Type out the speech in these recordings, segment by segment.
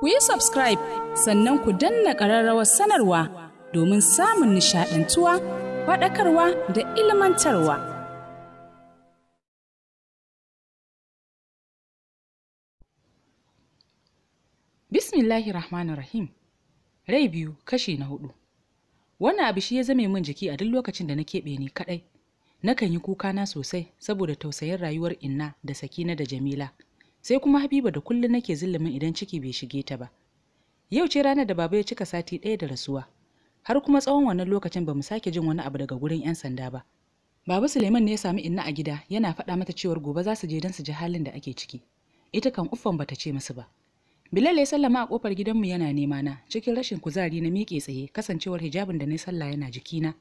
ku yi subscribe sannan ku danna ƙararrawar sanarwa domin samun nishaɗantuwa faɗakarwa da ilmantarwa. Bismillahir Rahmanir Rahim Rai biyu kashi na hudu Wannan abu shi ya zame min jiki a duk lokacin da na keɓe ni kaɗai. Nakan yi kuka na sosai saboda tausayin rayuwar Inna da Sakina da Jamila. sai kuma habiba da kullum nake zulumin idan ciki bai shige ta ba yau ce ranar da baba ya cika sati ɗaya da rasuwa har kuma tsawon wannan lokacin bamu sake jin wani abu daga gurin 'yan sanda ba baba suleiman ne ya sami inna a gida yana faɗa mata cewar gobe za su je don su ji halin da ake ciki ita kan uffan bata ce musu ba bilal ya sallama a kofar gidanmu yana nema na cikin rashin kuzari na miƙe tsaye kasancewar hijabin da na sallah yana jikina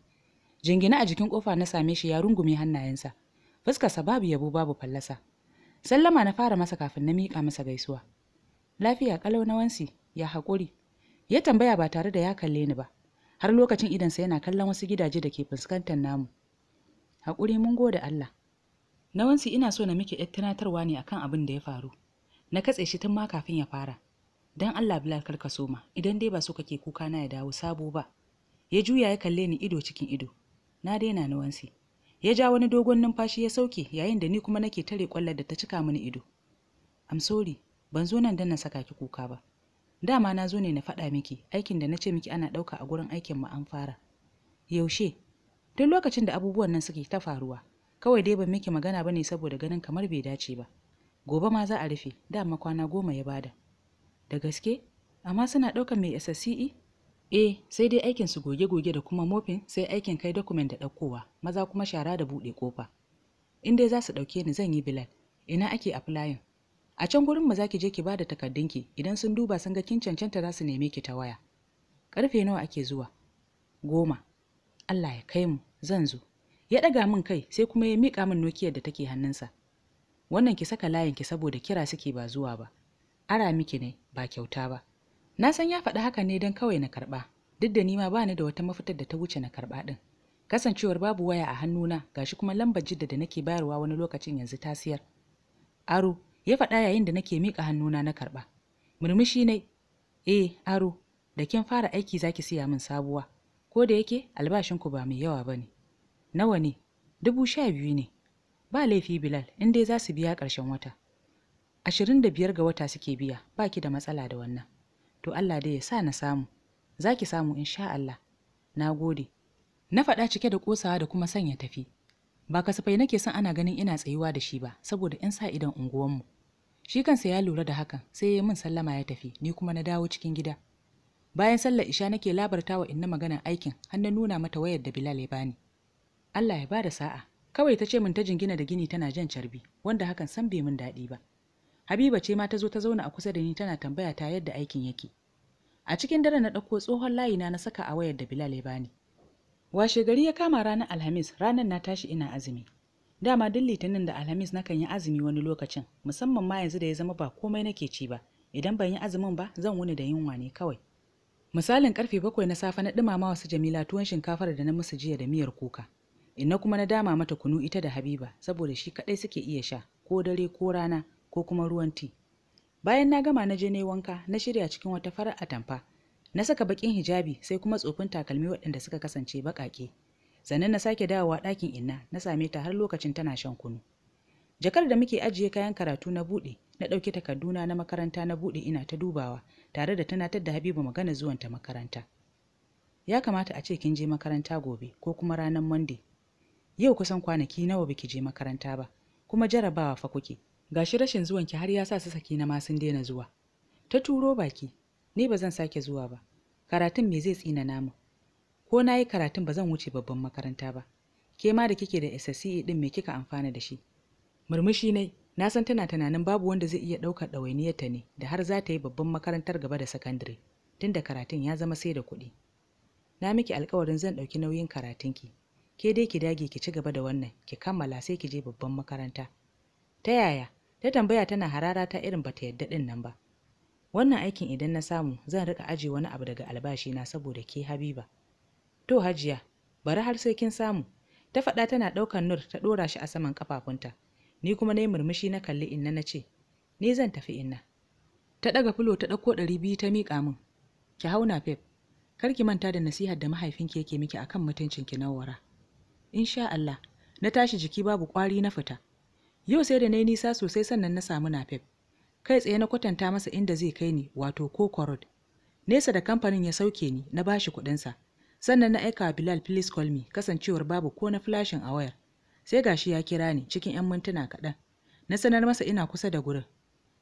jingina a jikin kofa na same shi ya rungume hannayensa fuskarsa babu yabo babu fallasa Sallama na fara masa kafin na miƙa masa gaisuwa. Lafiya ƙalau na wansi, ya haƙuri. Ya tambaya ba tare da ya kalle ni ba. Har lokacin idansa yana kallon wasu gidaje da ke fuskantar namu. Haƙuri mun gode Allah. Na wansi ina so na miki yar tunatarwa ne akan abin da ya faru. Na katse shi tun ma kafin ya fara. Dan Allah Bilal kar ka soma, idan dai ba so kake kuka na ya dawo sabo ba. Ya juya ya kalle ni ido cikin ido. Na daina na wansi. ya ja wani dogon numfashi ya sauke yayin da ni kuma nake tare kwallar da ta cika mini ido am sorry ban zo nan da na saka ki kuka ba dama na zo ne na faɗa miki aikin da na ce miki ana ɗauka a gurin aikin mu an fara yaushe duk lokacin da abubuwan nan suke ta faruwa kawai dai ban miki magana ba ne saboda ganin kamar bai dace ba gobe ma za a rufe dama kwana goma ya bada da gaske amma suna ɗaukar mai SSCE eh sai dai aikin su goge-goge da kuma mofin sai aikin kai dokumen da ɗaukowa maza kuma shara da buɗe kofa in dai za su ɗauke ni zan yi bilal ina ake filayin a can gurin maza ki je ki bada takardunki idan sun duba sun ga kin cancanta za su neme ki ta waya karfe nawa ake zuwa goma Allah ya kai mu zan zo ya ɗaga min kai sai kuma ya miƙa min nokiyar da take hannunsa wannan ki saka layin ki saboda kira suke ba zuwa ba ara miki ne ba kyauta ba na san ya faɗi haka ne don kawai na karɓa duk da nima ba ni da wata mafitar da ta wuce na karɓa ɗin kasancewar babu waya a hannuna gashi kuma lambar jidda da nake bayarwa wani lokacin yanzu ta siyar aro ya faɗa yayin da nake miƙa hannuna na karɓa murmushi ne eh aro da kin fara aiki zaki siya min sabuwa ko da yake albashinku ba mai yawa ba ne nawa ne dubu sha biyu ne ba laifi bilal in dai za su biya ƙarshen wata ashirin da biyar ga wata suke biya ba ki da matsala da wannan to Allah dai ya sa na samu za ki samu insha Allah na gode na faɗa cike da ƙosawa da kuma sanya tafi ba kasafai nake son ana ganin ina tsayuwa da shi ba saboda in sa idan unguwanmu shi kansa ya lura da hakan sai ya min sallama ya tafi ni kuma na dawo cikin gida bayan sallar isha nake labarta wa inna maganar aikin har na nuna mata wayar da Bilal ya bani Allah ya bada sa'a kawai ta ce min ta jingina da gini tana jan carbi wanda hakan san bai min daɗi ba habiba ce ma ta zo ta zauna a kusa da ni tana tambaya ta yadda aikin yake a cikin dare na ɗauko tsohon layina na saka a wayar da bilal ya bani washe gari ya kama ranar alhamis ranar na tashi ina azumi dama duk litinin da alhamis nakan yi azumi wani lokacin musamman ma yanzu da ya zama ba komai nake ci ba idan ban yi azumin ba zan wuni da yunwa ne kawai misalin karfe bakwai na safe na ɗumama wasu jamila tuwon shinkafar da na musu jiya da miyar kuka inna kuma na dama mata kunu ita da habiba saboda shi kaɗai suke iya sha ko dare ko rana ko kuma ruwan ti bayan na gama na je ne wanka na shirya cikin wata farar atamfa na saka bakin hijabi sai kuma tsofin takalmi waɗanda suka kasance baƙaƙe sannan na sake dawowa ɗakin inna na same ta har lokacin tana shan kunu jakar da muke ajiye kayan karatu na buɗe na ɗauki takarduna na makaranta na buɗe ina ta dubawa tare da tunatar da habibu magana zuwan ta makaranta ya kamata a ce kin je makaranta gobe ko kuma ranar monday yau kusan kwanaki nawa baki je makaranta ba kuma jarabawa fa kuke gashi rashin zuwanki har ya sa su saki na ma sun daina zuwa ta turo baki ni ba zan sake zuwa ba karatun me zai tsina namu ko na yi karatun ba zan wuce babban makaranta ba ke ma da kike da SSCE din me kika amfana da shi murmushi ne na san tana tunanin babu wanda zai iya ɗaukar ɗawainiyarta ne da har za ta yi babban makarantar gaba da sakandare tunda karatun ya zama sai da kuɗi na miki alkawarin zan ɗauki nauyin karatun ki. ke dai ki dage ki ci gaba da wannan ki kammala sai ki je babban makaranta ta yaya ta tambaya tana harara ta irin bata yadda din nan ba wannan aikin idan na samu zan rika aje wani abu daga albashi na saboda ke habiba to hajiya bari har sai kin samu ta faɗa tana ɗaukar nur ta ɗora shi a saman kafafunta ni kuma na yi murmushi na kalli inna na ce ni zan tafi inna ta ɗaga filo ta ɗauko ɗari biyu ta miƙa min ki hauna Pep. kar ki manta da nasihar da mahaifinki yake miki akan mutuncinki na wara insha Allah na tashi jiki babu ƙwari na fita yau sai da na yi nisa sosai sannan na samu nafef kai tsaye na kwatanta masa inda zai kai ni wato koko road nesa da kamfanin ya sauke ni na bashi kuɗinsa sannan na aika bilal please call me kasancewar babu ko na flashin a wayar sai gashi ya kira ni cikin 'yan mintuna kaɗan na sanar masa ina kusa da gurin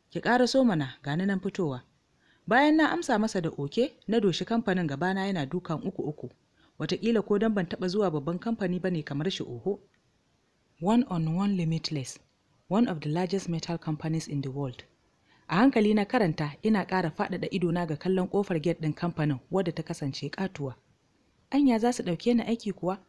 ki ƙara so mana gani nan fitowa bayan na amsa masa da oke na doshi kamfanin gabana yana dukan uku uku wataƙila ko don ban taɓa zuwa babban kamfani ba ne kamar shi oho one on one limitless one of the largest metal companies in the world. A hankali na karanta ina ƙara faɗaɗa idona ga kallon ƙofar gate ɗin kamfanin wadda ta kasance ƙatuwa. Anya za su ɗauke ni aiki kuwa?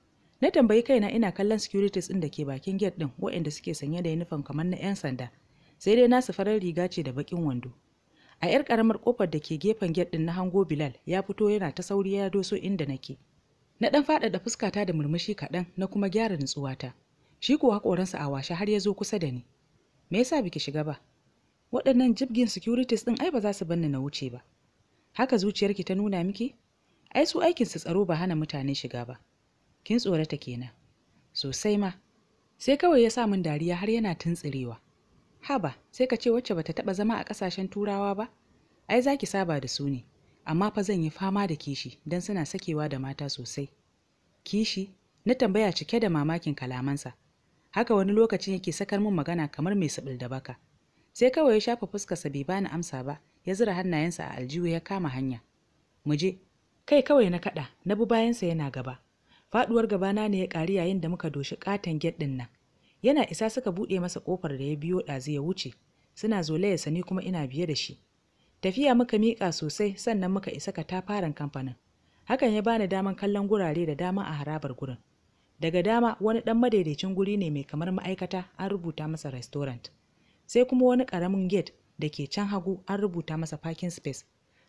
Na tambayi kaina ina kallon securities ɗin da ke bakin gate ɗin waɗanda suke sanye da yunifom kamar na 'yan sanda, sai dai nasu farar riga ce da baƙin wando. A 'yar ƙaramar ƙofar da ke gefen gate ɗin na hango Bilal ya fito yana ta sauri ya doso inda nake. Na ɗan faɗaɗa fuskata da murmushi kaɗan na kuma gyara nutsuwata. shi kuwa hakoransa a washe har ya zo kusa da ni me yasa biki shiga ba waɗannan jibgin securities ɗin ai ba za su banni na wuce ba haka zuciyarki ta nuna miki ai su aikin su tsaro ba hana mutane shiga ba kin tsorata kenan sosai ma sai kawai ya sa min dariya har yana tuntsirewa haba sai ka ce wacce bata taɓa zama a ƙasashen turawa ba ai zaki saba da su ne amma fa zan yi fama da kishi don suna sakewa da mata sosai kishi na tambaya cike da mamakin kalamansa haka wani lokacin yake sakar min magana kamar mai sabil da baka sai kawai ya shafa fuskarsa bai bani amsa ba ya zura hannayensa a aljihu ya kama hanya mu je kai kawai na kada na bi bayansa yana gaba faduwar gabana ne ya kari yayin da muka doshi katon get din nan yana isa suka buɗe masa kofar da ya biyo ɗazu ya wuce suna zolaya sani kuma ina biye da shi tafiya muka mika sosai sannan muka isa ka tafaran kamfanin hakan ya bani daman kallon gurare da dama a harabar gurin daga dama wani ɗan madaidaicin guri ne mai kamar ma'aikata an rubuta masa restaurant sai kuma wani karamin gate da ke can hagu an rubuta masa parking space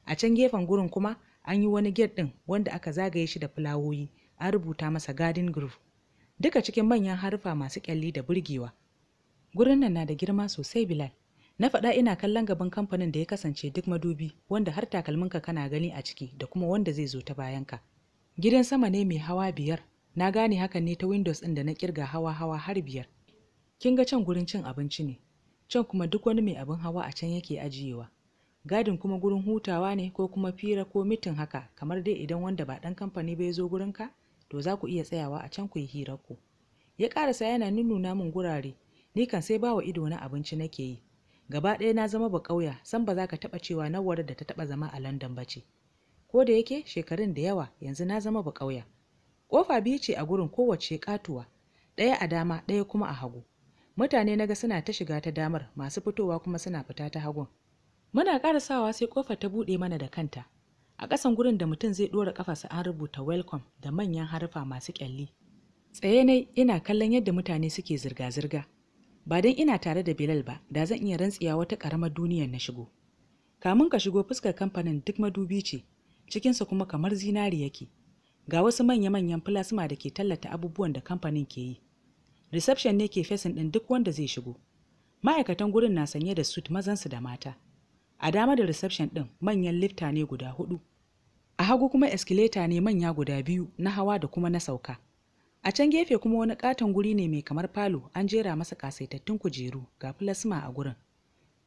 a can gefen gurin kuma an yi wani gate ɗin wanda aka zagaye shi da fulawoyi an rubuta masa garden groove duka cikin manyan haruffa masu kyalli da burgewa gurin nan na da girma sosai bilal na faɗa ina kallon gaban kamfanin da ya kasance duk madubi wanda har takalminka kana gani a ciki da kuma wanda zai zo ta bayanka gidan sama ne mai hawa biyar na gane hakan ne ta windows ɗin da na kirga hawa hawa har biyar kin ga can gurin cin abinci ne can kuma duk wani mai abin hawa a can yake ajiyewa gadin kuma gurin hutawa ne ko kuma fira ko mitin haka kamar dai idan wanda ba ɗan kamfani ba ya zo gurinka to za ku iya tsayawa a can ku yi hirar ku ya karasa yana nunnuna min gurare ni kan sai bawa ido na abinci nake yi gaba ɗaya na zama ba ƙauya san ba za ka taɓa cewa nawar da ta taɓa zama a london ba ce ko da yake shekarun da yawa yanzu na zama ba ƙauya Ƙofa biyu ce a gurin kowace katuwa, ɗaya a dama ɗaya kuma a hagu. Mutane naga suna ta shiga ta damar masu fitowa kuma suna fita ta hagun. Muna ƙarasawa sai ƙofar ta buɗe mana da kanta. A ƙasan gurin da mutum zai ɗora ƙafarsa an rubuta welcome da manyan harfa masu ƙyalli. Tsaye ne ina kallon yadda mutane suke zirga-zirga. Ba don ina tare da Bilal ba, da zan iya rantsiya wata ƙaramar duniyar na shigo. Kamun ka shigo fuskar kamfanin duk madubi ce, cikinsa kuma kamar zinari yake. ga wasu manya-manyan plasma da ke tallata abubuwan da kamfanin ke yi reception ne ke fesin ɗin duk wanda zai shigo ma'aikatan gurin na sanye da suit mazansu da mata a dama da reception ɗin manyan lifta ne guda hudu a hagu kuma escalator ne manya guda biyu na hawa da kuma na sauka a can gefe kuma wani katon guri ne mai kamar falo an jera masa kasaitattun kujeru ga plasma a gurin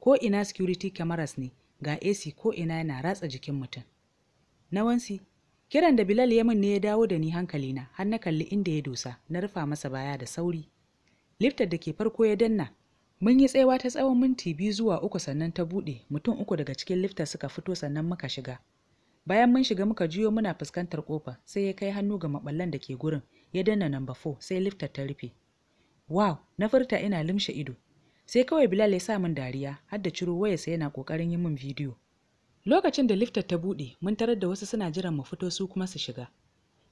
ko ina security cameras ne ga ac ko ina yana ratsa jikin mutum na wansi Kiran da Bilal ya min ne ya dawo da ni hankalina har na kalli inda ya dosa na rufa masa baya da sauri. Liftar da ke farko ya danna mun yi tsayawa ta tsawon minti biyu zuwa uku sannan ta buɗe mutum uku daga cikin liftar suka fito sannan muka shiga. Bayan mun shiga muka juyo muna fuskantar kofa sai ya kai hannu ga maballan da ke gurin ya danna namba 4 sai liftar ta rufe. Wow, na furta ina limshe ido. Sai kawai Bilal ya sa min dariya har da ciro wayarsa yana kokarin yi min bidiyo. lokacin da liftar ta buɗe mun tarar da wasu suna jiran mu fito su kuma su shiga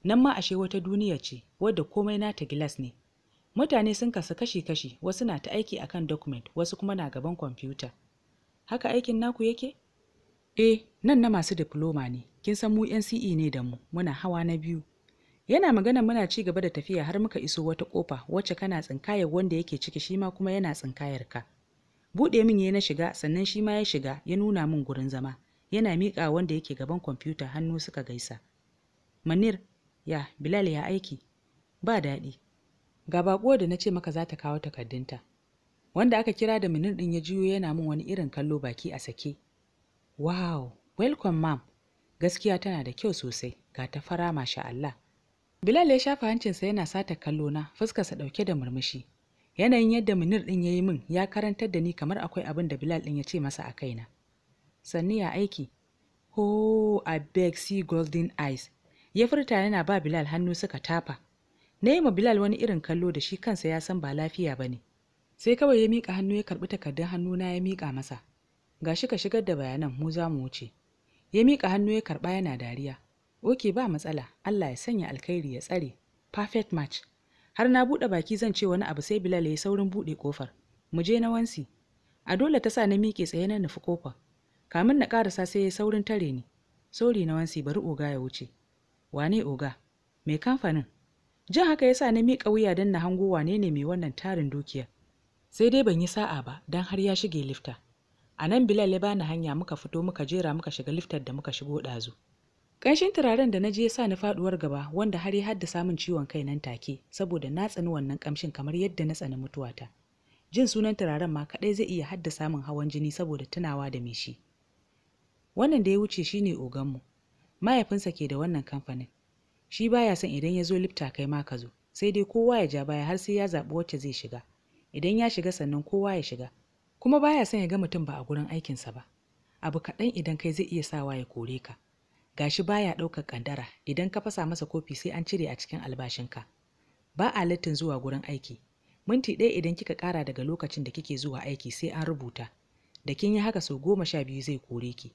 nan ma ashe wata duniya ce wadda komai nata gilas ne mutane sun kasu kashi-kashi wasu na ta aiki akan document wasu kuma na gaban kwamfuta haka aikin naku yake eh nan na masu diploma ne kin san mu NCE ne da mu muna hawa na biyu yana magana muna ci gaba da tafiya har muka iso wata kofa wacce kana tsinkayar wanda yake ciki shi ma kuma yana tsinkayar ka buɗe min ya na shiga sannan shi ma ya shiga ya nuna min gurin zama yana miƙa wanda yake gaban kwamfuta hannu suka gaisa manir ya bilal ya aiki ba daɗi ga baƙo da na ce maka za ta kawo takardunta wanda aka kira da minir ɗin ya juyo yana min wani irin kallo baki a sake wow welcome ma'am gaskiya tana da kyau sosai ga ta fara masha Allah Bilal ya shafa hancinsa yana sata kallo na fuskarsa ɗauke da murmushi yanayin yadda minir ɗin ya yi min ya karantar da ni kamar akwai abin da Bilal ɗin ya ce masa a kaina sannu ya aiki ho a beg see golden eyes ya furta yana ba bilal hannu suka tafa na yi ma bilal wani irin kallo da shi kansa ya san ba lafiya ba ne sai kawai ya miƙa hannu ya karɓi takardun hannu na ya miƙa masa ga shi ka shigar da bayanan mu za mu wuce ya miƙa hannu ya karɓa yana dariya oke ba matsala allah ya sanya alkhairi ya tsare perfect match har na buɗe baki zan ce wani abu sai bilal ya saurin buɗe ƙofar mu je na wansi a dole ta sa na miƙe tsaye na nufi ƙofar kamin na ƙarasa sai ya saurin tare ni sauri na wansi bari oga ya wuce wane oga mai kamfanin jin haka ya sa na miƙa wuya don na hango wane ne mai wannan tarin dukiya sai dai ban yi sa'a ba don har ya shige lifta a nan bilal ya bani hanya muka fito muka jera muka shiga liftar da muka shigo ɗazu ƙanshin turaren da na je ya sa ni faɗuwar gaba wanda har ya haddasa min ciwon kai nan take saboda na tsani wannan ƙamshin kamar yadda na tsani mutuwata jin sunan turaren ma kaɗai zai iya haddasa min hawan jini saboda tunawa da me shi wannan da ya wuce shine oganmu mahaifinsa ke da wannan kamfanin shi baya son idan ya zo lifta kai ma ka zo sai dai kowa ya ja baya har sai ya zaɓi wacce zai shiga idan ya shiga sannan kowa ya shiga kuma baya son ya ga mutum ba a gurin aikinsa ba abu kaɗan idan kai zai iya sawa ya kore ka gashi baya ɗaukar ƙandara idan ka fasa masa kofi sai an cire a cikin albashinka ba a littin zuwa gurin aiki minti ɗaya idan kika ƙara daga lokacin da kike zuwa aiki sai an rubuta da kin yi haka sau goma sha biyu zai kore ki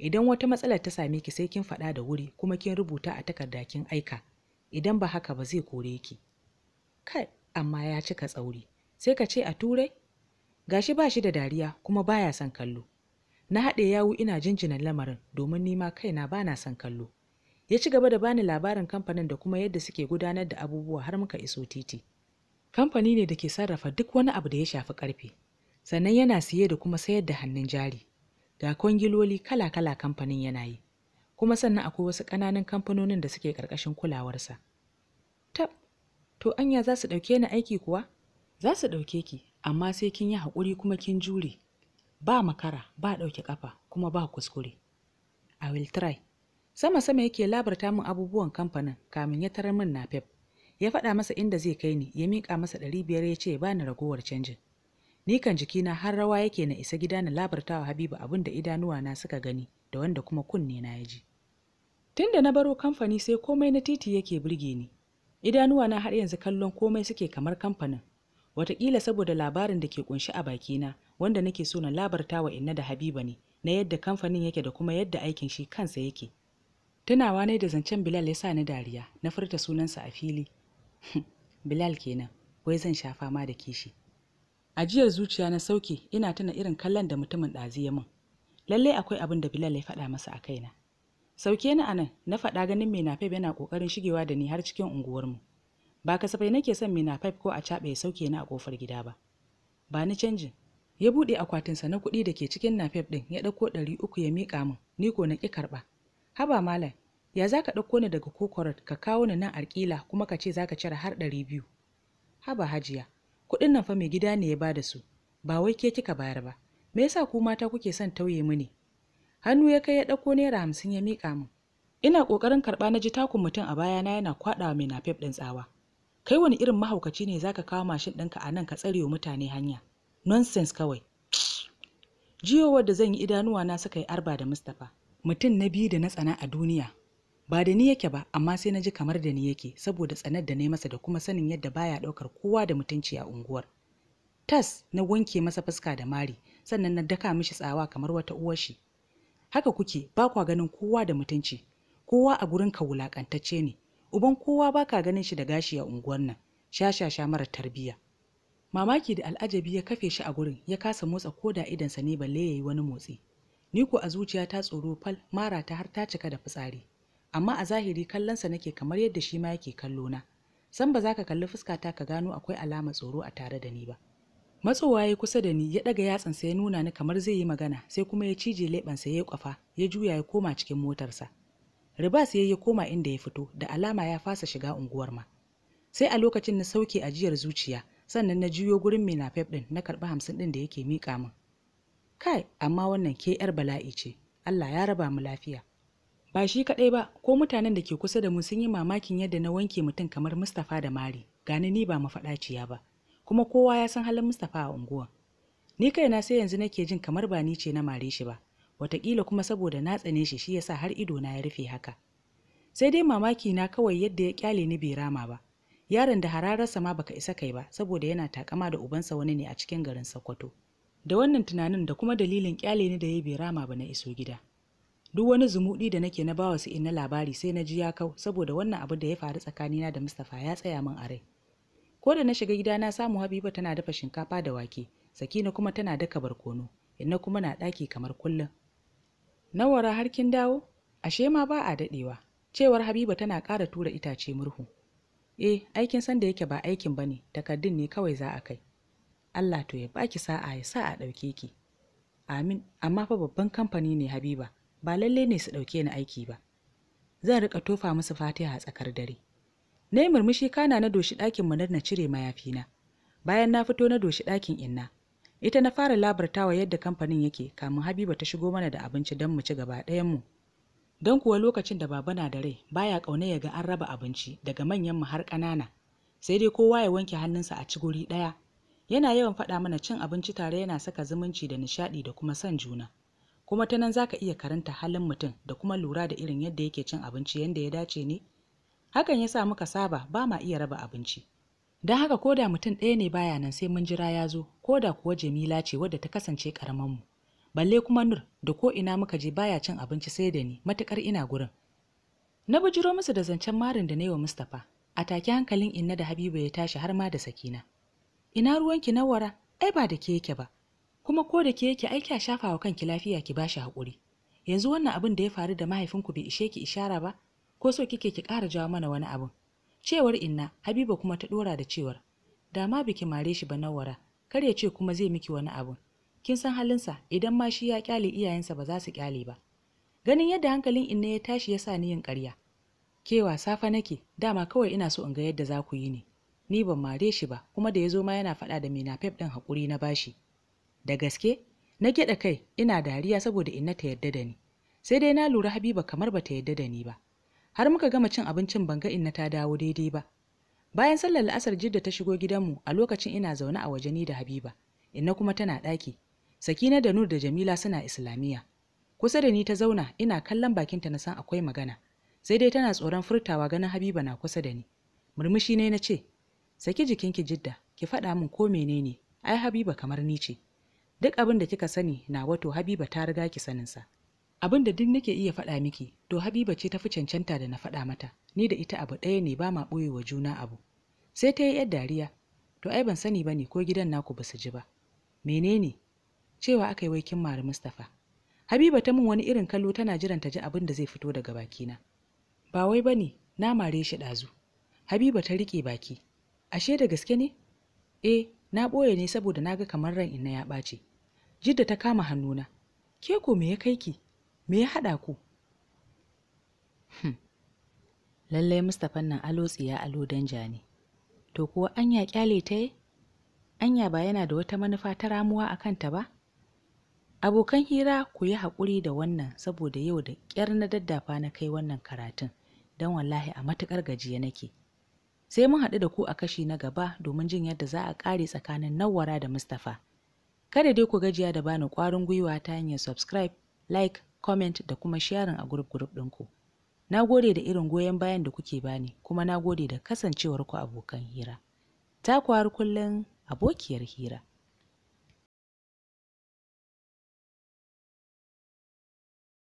idan wata matsala ta same ki sai kin faɗa da wuri kuma kin rubuta a takarda kin aika idan ba haka ba zai kore ki kai amma ya cika tsauri sai ka ce a turai gashi ba shi da dariya kuma baya son kallo na haɗe yawu ina jinjina lamarin domin nima kaina ba na son kallo ya ci gaba da bani labarin kamfanin da kuma yadda suke gudanar da abubuwa har muka iso titi kamfani ne da ke sarrafa duk wani abu da ya shafi karfe sannan yana siye da kuma sayar da hannun jari da kwangiloli kala-kala kamfanin yana yi kuma sannan akwai wasu ƙananan kamfanonin da suke ƙarƙashin kulawarsa tab to anya za su ɗauke ni aiki kuwa za su ɗauke ki amma sai kin yi haƙuri kuma kin jure ba makara ba ɗauke ƙafa kuma ba kuskure i will try sama sama yake labarta min abubuwan kamfanin kamin ya tarar min na pep ya faɗa masa inda zai kai ni ya miƙa masa ɗari biyar ya ce ya bani ragowar canjin ni kan jikina har rawa yake na isa gida na labartawa Habiba abin da idanuwa na suka gani da wanda kuma kunne na ya ji tunda na baro kamfani sai komai na titi yake burge ni idanuwa na har yanzu kallon komai suke kamar kamfanin wataƙila saboda labarin da ke kunshi a bakina wanda nake so na labarta wa inna da habiba ne na yadda kamfanin yake da kuma yadda aikin shi kansa yake tunawa ne da zancen bilal ya sa ni dariya na furta sunansa a fili bilal kenan wai zan sha fama da kishi ajiyar zuciya na sauke ina tuna irin kallon da mutumin ɗazi ya min lallai akwai abin da bilal ya faɗa masa a kaina sauke ni nan, na faɗa ganin menafef yana ƙoƙarin shigewa da ni har cikin unguwarmu ba kasafai nake son menafef ko a caɓe ya sauke ni a ƙofar gida ba ba ni canjin ya buɗe akwatinsa na kuɗi da ke cikin nafef ɗin ya ɗauko ɗari uku ya miƙa min ni ko na ƙi karɓa haba malam ya za ka ɗauko ni daga kokorot ka kawo ni nan arƙila kuma ka ce za ka cire har ɗari biyu haba hajiya kuɗin nan fa mai gida ne ya bada su ba wai ke kika bayar ba me yasa ku mata kuke son tauye mu ne? hannu ya kai ya ɗauko naira hamsin ya miƙa min ina ƙoƙarin karɓa na ji takun mutum a baya na yana kwaɗawa mai nafef ɗin tsawa kai wani irin mahaukaci ne zaka kawo mashin ɗinka a nan ka tsarewa mutane hanya nonsense kawai jiyowar da zan yi idanuwa na suka yi arba da mustapha mutum na biyu da na tsana a duniya ba da ni yake ba amma sai na ji kamar da ni yake saboda tsanar da na masa da kuma sanin yadda baya ɗaukar kowa da mutunci a unguwar tas na wanke masa fuska da mari sannan na daka mishi tsawa kamar wata uwar shi haka kuke ba kwa ganin kowa da mutunci kowa a gurin ka wulakantacce ne uban kowa ba ka ganin shi da gashi a unguwar nan shashasha mara tarbiyya mamaki da al'ajabi ya kafe shi a gurin ya kasa motsa koda idansa ne balle yi wani motsi ni ko a zuciya ta tsoro fal mara ta har ta cika da fitsari amma a zahiri kallonsa nake kamar yadda shi ma yake kallo na san ba za ka kalli fuskata ka gano akwai alama tsoro a tare da ni ba matsowa ya kusa da ni ya ɗaga yatsansa ya nuna ni kamar zai yi magana sai kuma ya cije leɓensa ya yi kwafa ya juya ya koma cikin motarsa ribas ya yi koma inda ya fito da alama ya fasa shiga unguwar ma sai a lokacin na sauke ajiyar zuciya sannan na juyo gurin mai nafef ɗin na karɓi hamsin ɗin da yake miƙa min kai amma wannan ke yar bala'i ce allah ya raba mu lafiya ba shi kaɗai ba ko mutanen da ke kusa da mu sun yi mamakin yadda na wanke mutum kamar mustapha da mari gani ni ba mafaɗaciya ba kuma kowa ya san halin mustapha a unguwan ni na sai yanzu nake jin kamar ba ni ce na mare shi ba watakila kuma saboda na tsane shi shi yasa har ido na ya rufe haka sai dai mamaki na kawai yadda ya kyale ni bai rama ba yaron da hararsa ma baka isa kai ba saboda yana takama da ubansa wani ne a cikin garin Sokoto da wannan tunanin da kuma dalilin kyale ni da ya bai rama ba na iso gida duk wani zumuɗi da nake na bawa su in na labari sai na ji ya kau saboda wannan abu da ya faru tsakanina da Mustapha ya tsaya min a rai ko da na shiga gida na samu Habiba tana dafa shinkafa da wake Sakina kuma tana daka barkono inna kuma na ɗaki kamar kullum nawara har kin dawo ashe ma ba a daɗewa cewar Habiba tana ƙara tura itace murhu eh aikin san da yake ba aikin bane takardun ne kawai za a kai Allah to ya baki sa'a ya sa a ɗauke ki amin amma fa babban kamfani ne Habiba ba lalle ne su ɗauke ni aiki ba zan rika tofa musu fatiha a tsakar dare na yi murmushi kana na doshi ɗakin mu na cire mayafina bayan na fito na doshi ɗakin inna ita na fara labartawa yadda kamfanin yake kamun habiba ta shigo mana da abinci don mu ci gaba ɗayan mu don kuwa lokacin da baba na da rai baya ƙauna ya ga an raba abinci daga manyan mu har ƙanana sai dai kowa ya wanke hannunsa a ci guri ɗaya yana yawan faɗa mana cin abinci tare yana saka zumunci da nishaɗi da kuma son juna kuma ta nan zaka iya karanta halin mutum da kuma lura da irin yadda yake cin abinci yadda ya dace ne hakan ya sa muka saba ba ma iya raba abinci don haka ko da mutum ɗaya ne baya nan sai mun jira ya zo ko da kuwa jamila ce wadda ta kasance mu balle kuma nur da ko ina muka je baya cin abinci sai da ni matukar ina gurin na bujiro musu da zancen marin da na yi wa mustapha a take hankalin inna da Habiba ya tashi har ma da sakina ina ruwanki na wara ai ba da ke yake ba kuma ko da ke yake aiki a shafa wa kanki lafiya ki bashi haƙuri yanzu wannan abin da ya faru da mahaifinku bai ishe ki ishara ba ko so kike ki ƙara jawo mana wani abin cewar inna habiba kuma ta ɗora da cewar da ma biki mare shi ba nawara kar ya ce kuma zai miki wani abin kin san halinsa idan ma shi ya kyale iyayensa ba za su kyale ba ganin yadda hankalin inna ya tashi ya sa ni yin ƙarya ke wasa fa nake dama kawai ina so in ga yadda za ku yi ne ni ban mare shi ba kuma da ya zo ma yana faɗa da fef ɗin haƙuri na bashi da gaske na gyada kai ina dariya saboda inna ta yarda da ni sai dai na lura habiba kamar bata yadda da ni ba har muka gama cin abincin banga inna ta dawo daidai ba bayan sallar la'asar jidda ta shigo gidanmu a lokacin ina zaune a waje ni da habiba inna kuma tana ɗaki sakina da nur da jamila suna islamiyya kusa da ni ta zauna ina kallon bakinta na san akwai magana sai dai tana tsoron furtawa ganin habiba na kusa da ni murmushi ne na ce saki jikinki jidda ki faɗa min ko menene ai habiba kamar ni ce duk abin da kika sani na wato habiba ta riga ki sanin sa abin da duk nake iya faɗa miki to habiba ce ta fi cancanta da na faɗa mata ni da ita abu ɗaya ne ba ma ɓoye wa juna abu sai ta yi yar dariya to ai ban sani ba ne ko gidan naku ba su ji ba menene cewa aka yi waikin mari mustapha habiba ta min wani irin kallo tana jiran ta ji abin da zai fito daga bakina ba wai ba ne na mare shi ɗazu habiba ta rike baki ashe da gaske ne eh na ɓoye ne saboda na ga kamar ran inna ya ɓace jidda ta kama hannuna ke ko me ya kai ki me ya haɗa ku lalle hmm. lallai mustapha nan alo tsiya alo danja ne to kuwa anya kyale ta yi anya ba yana da wata manufa ta ramuwa a kanta ba abokan hira ku yi haƙuri da wannan saboda yau da ƙyar na daddafa na kai wannan karatun don wallahi a matuƙar gajiya nake sai mun haɗu da ku a kashi na gaba domin jin yadda za a ƙare tsakanin nawara da mustapha Kada dai ku gajiya da bani kwarin gwiwa ta hanyar subscribe, like, comment da kuma sharing a group group ɗinku. Na gode da irin goyon bayan da kuke bani kuma na gode da kasancewarku abokan hira. Ta har kullum abokiyar hira.